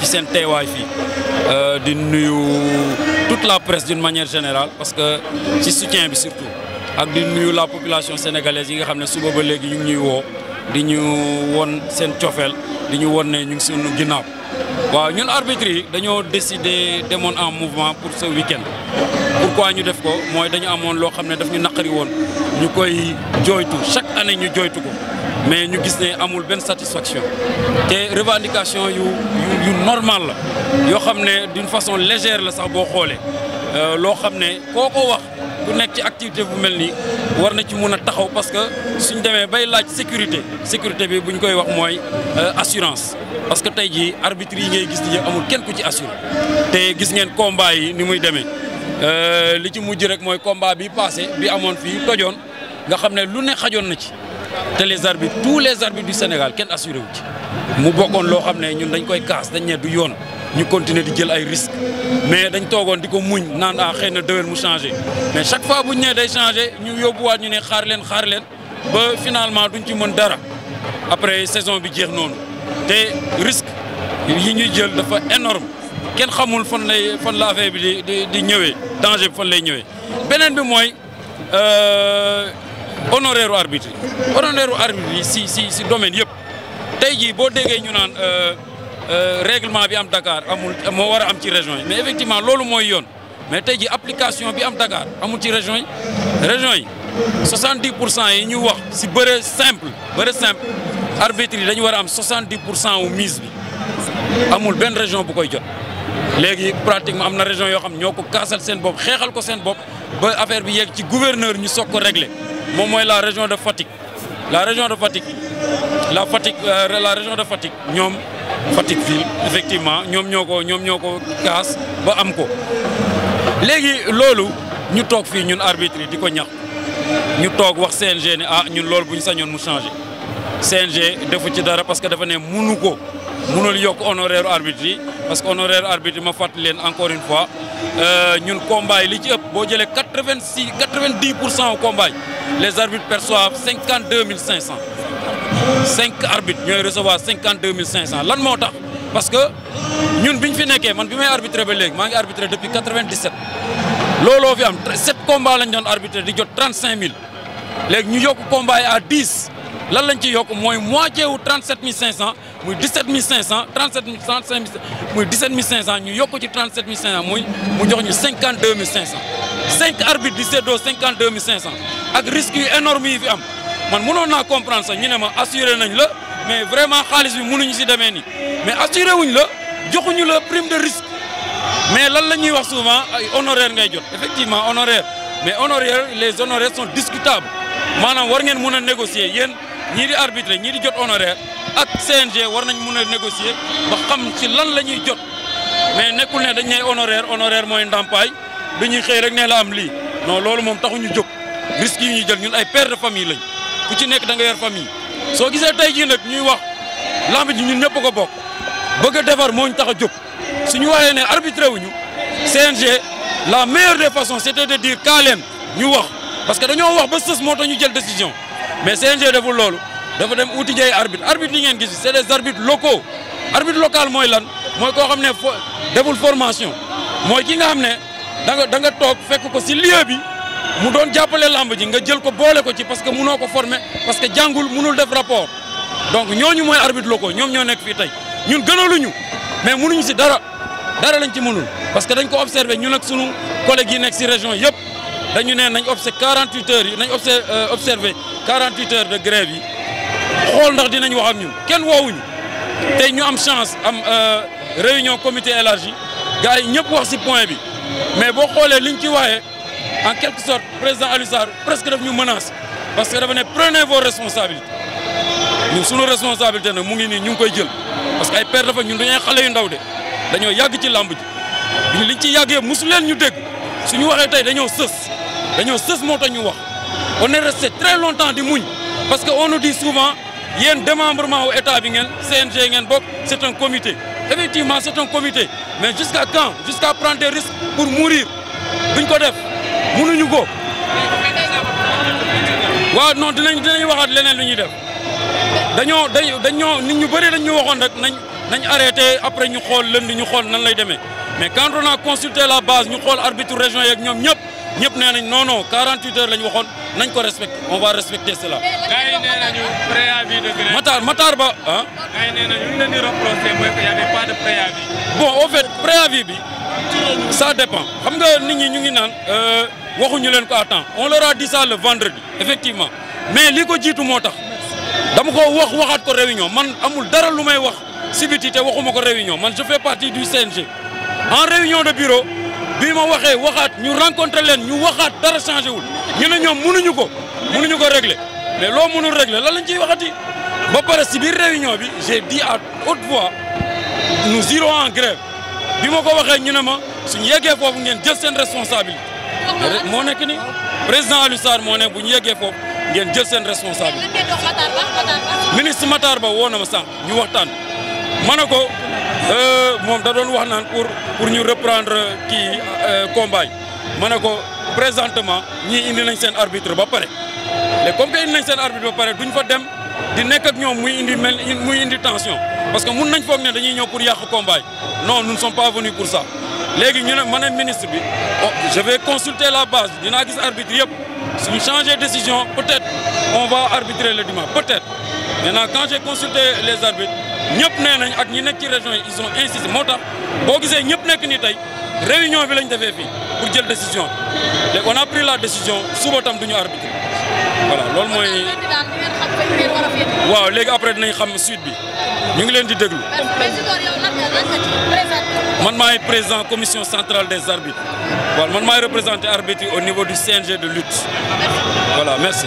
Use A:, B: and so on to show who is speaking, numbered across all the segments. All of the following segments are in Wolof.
A: ci seen teewaay fii euh, di nuyu toute la presse d'une manière générale parce que ci soutien bi surtout ak di nuyu la population sénégalaise yi nga xam ne suba ba léegi yi ngi ñuy woo di ñu woon seen cofeel di ñu woon ne ñu ngi suñu ginnaaw waaw ñun arbitres yi dañoo décidé demoon en mouvement pour ce week-end pourquoi ñu def ko mooy dañu amoon loo xam ne daf ñu naqari woon ñu koy jooytu chaque année ñu jooytu ko mais ñu gis ne amul benn satisfaction te revendication yu yu normal la yoo xam ne d'une façon légère la sax boo xoolee euh, loo xam ne koo ko wax ku nekk ci activité bu mel nii war na ci mun a taxaw parce que suñ demee bay laaj sécurité sécurité bi bu ñu koy wax mooy euh, assurance parce que tey jii arbitre yi ngay gis ni amul kenn ku ci assuré te gis ngeen combat yi ni muy demee euh, li ci mujj rek mooy combat bi passé bi amoon fii tojoon nga xam ne lu ne xajoon na ci te les arbitres tous les arbitres du Sénégal kenn assuré wu ci mu bokkoon loo xam ne ñun dañ koy kaas dañ ne du yoon ñu continuer di jël ay risques mais dañ toogoon di ko muñ naan a ah, xëy na déwén mu changé mais chaque fois bu ñu day changé ñu yóbbuwaat ñu ne xaar leen xaar leen ba finalement duñ ci mën dara après saison bi jeex noonu te risque yi ñu jël dafa énorme kenn xamul fan lay fan la affaire bi di di ñëwee danger bi fan lay ñëwee beneen bi mooy. Euh, honoraire u arbitre yi honoraire u arbitre yi si si si domaine yëpp tey jii boo déggee ñu naan euh, euh, règlement bi am dakaar amul moo war a am ci région yi mais effectivement loolu mooy yoon mais tey ji application bi am Dakar amul ci région yi région yi pour cent yi ñu wax si bëre simple bëre simple arbitre yi dañu war a am 70 pour cent wu mise amul benn région bu koy jot léegi pratiquement am na région yoo xam ñoo ko kaasal seen bopp xeexal ko seen bopp ba affaire bi yegg ci gouverneur ñu soog ko réglé moom mooy la région de Fatick la région de Fatick la Fatick euh, la région de Fatick ñoom Fatick ville effectivement ñoom ñoo ko ñoom ñoo ko kaas ba am ko léegi loolu ñu toog fii ñun arbitre di ko ñax ñu toog wax CNG ne ah ñun loolu bu ñu sañoon mu changé CNG defu ci dara parce que dafa ne munu ko mënul yokk honoraire arbitre yi parce que honoraire arbitre yi ma fàttali leen encore une fois euh, ñun combat li ci ëpp boo jëlee quatre vingt six quatre vingt dix cent au combat yi les arbitres perçoivent cinquante deux mille cinq cent cinq arbitres ñooy recevoir cinquante deux mille cinq cent lan moo tax parce que ñun bi ñu fi nekkee man bi may arbitré ba léegi maa ngi arbitré depuis quatre vingt dix sept looloo am sept combats lañ doon arbitré di jot trente cinq mille léegi ñu yokk combat yi à dix. lan lañ ci yokk mooy moitié wu 37500 muy 17500 37 35 muy 17500 ñu yokk ci 37500 muy mu jox ñu 52500 cinq arbitres di séddoo 52500 ak risques yu énorme yi fi am man mënoon naa comprendre sax ñu ne ma assuré nañ la mais vraiment xaalis bi mënuñu si demee nii mais assuré wuñ la joxuñu la prime de risque mais lan la ñuy wax souvent ay honoraires ngay jot effectivement honoraires mais honoraires les honoraires sont discutables maanaam war ngeen mën a négocier yéen. ñii di arbitre ñii di jot honoraire ak CNG war nañ mun a négocier ba xam ci lan la ñuy jot mais nekkul ne dañ ne honoraire honoraire mooy ndàmpaay du ñuy xëy rek ne la am lii non loolu moom taxuñu jóg risques yi ñuy jël ñun ay père de famille lañ ku ci nekk da nga yor famille soo gisee tey jii nag ñuy wax lamb ji ñun ñëpp ko bokk bëgg defar moo ñu tax a jóg suñu waxee ne arbitré wuñu CNG la meilleure des façons c'était de dire kaa leen ñu wax parce que dañoo wax ba sës moo tax ñu jël décision mais CNG deful loolu dafa dem uti jëy arbitre arbitre yi ngeen gis c'est des arbitres locaux arbitre local mooy lan mooy koo xam ne fo deful formation mooy ki nga xam ne da nga da nga toog fekk ko si lieu bi mu doon jàppale làmb ji nga jël ko boole ko ci parce que noo ko former parce que jàngul munul def rapport donc ñooñu mooy arbitre locaux ñoom ñoo nekk fii tey ñun gënaluñu mais munuñu si dara dara lañ ci munul parce que dañ ko observé ñun ak sunu collègues yi nekk si région yëpp dañu ne nañ observé 48 heures yi nañ euh, observé 48 heures de grève bi xool ndax dinañ wax ak ñun kenn woowuñu tey ñu am chance am euh, réunion comité élargi gars yi ñëpp wax si point bi mais boo xoolee liñ ci waxee en quelque sorte président Aliou Sarr presque daf ñu menace parce que dafa ne prenez vos responsabilités ñun suñu responsabilité nag mu ngi nii ñu ngi koy jël parce que ay père dafa ñun dañuy xale yu ndaw de dañoo yàgg ci làmb ji liñ ci yàggee mosu leen ñu dégg ñu waxee tey dañoo sës dañoo sës moo tax ñu wax on est resté très longtemps di muñ parce que on nous dit souvent yéen démembrement wu état bi ngeen CNG ngeen bokk c' est un comité effectivement c' est un comité mais jusqu'à quand jusqu'à prendre des risques pour mourir duñ ko def ñu ko. waaw non dinañ dinañ waxaat leneen lu ñuy def dañoo dañ dañoo nit ñu bëri dañ ñu waxoon rek nañ nañ arrêté après ñu xool lënd ñu xool nan lay demee mais quand on a consulté la base ñu xool arbitre région yeeg ñoom ñëpp. ñëpp nee nañ non non 48 heures lañ waxoon nañ ko respecté on va respecter cela. gars yi ba ah. gars yi nee nañu ñu bon au fait bi sa dépend xam nga nit ñi ñu ngi naan euh, waxuñu leen ko à temps on leur a dit ça le vendredi effectivement mais li ko jiitu moo tax dama ko wax waxaat ko réunion man amul dara lu may wax si biti te waxuma ko réunion man je fais partie du CNG en réunion de bureau. bi ma waxee waxaat ñu rencontré leen ñu waxaat dara changé wul ñu ne ñoom mënuñu ko mënuñu ko régler mais loo mënul régler lan lañ ciy waxati ba pare si biir réunion bi j'ai dit à haute voix nous irons en grève bi ma ko waxee ñu ne ma suñu yegee foofu ngeen jël seen responsabilité moo nekk ni président Aliou Sarr moo ne bu ñu yeggee foofu ngeen jël seen responsabilité ministre Matar Ba woo na sànq ñu waxtaan ma ne Euh, moom da doon wax naan pour pour ñu reprendre kii euh, combat yi ma ne ko présentement ñii indi nañ seen arbitre ba pare mais comme que indi nañ seen arbitre ba pare duñ fa dem di nekk ñoom muy indi mel muy indi tension parce que mun nañ foog ne dañuy ñëw pour yàq combat yi non nous ne sommes pas venus pour ça léegi ñu ne mën na ministre bi je vais consulter la base dinaa gis arbitre yëpp suñu changer décision peut-être on va arbitrer le dimanche peut-être maintenant quand j'ai consulté les arbitres ñëpp nee nañ ak ñi nekk ci région yi ils ont moo tax boo gisee ñëpp nekk nii tey réunion bi lañ defee fii pour jël décision léegi on a pris la décision suba tam du ñu arbitre voilà loolu mooy. waaw léegi après nañu xam suite bi ñu ngi leen di déglu. man maay président commission centrale des arbitres voilà man maay représenté arbitre au niveau du CNG de lutte voilà merci.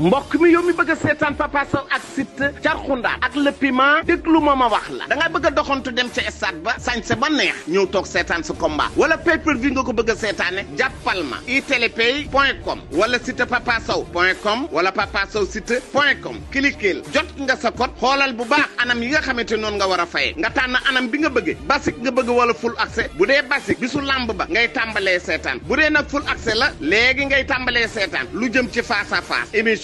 B: mbokk mi yow mi bëgg a seetaan papa Sow ak site Carxunda ak le piment déglu ma ma wax la da nga bëgg a doxantu dem ca stade ba sañse ba neex ñëw toog seetaan sa combat wala pay per nga ko bëgg seetaane jàppal ma point com wala site papa Sow point com wala papa Sow site point com cliqueel jot nga sa code xoolal bu baax anam yi nga xamante noon nga war a fayee nga tànn anam bi nga bëggee basique nga bëgg wala full accès bu dee basique bi su ba ngay tàmbalee seetaan bu dee nag full accès la léegi ngay tàmbalee seetaan lu jëm ci face à face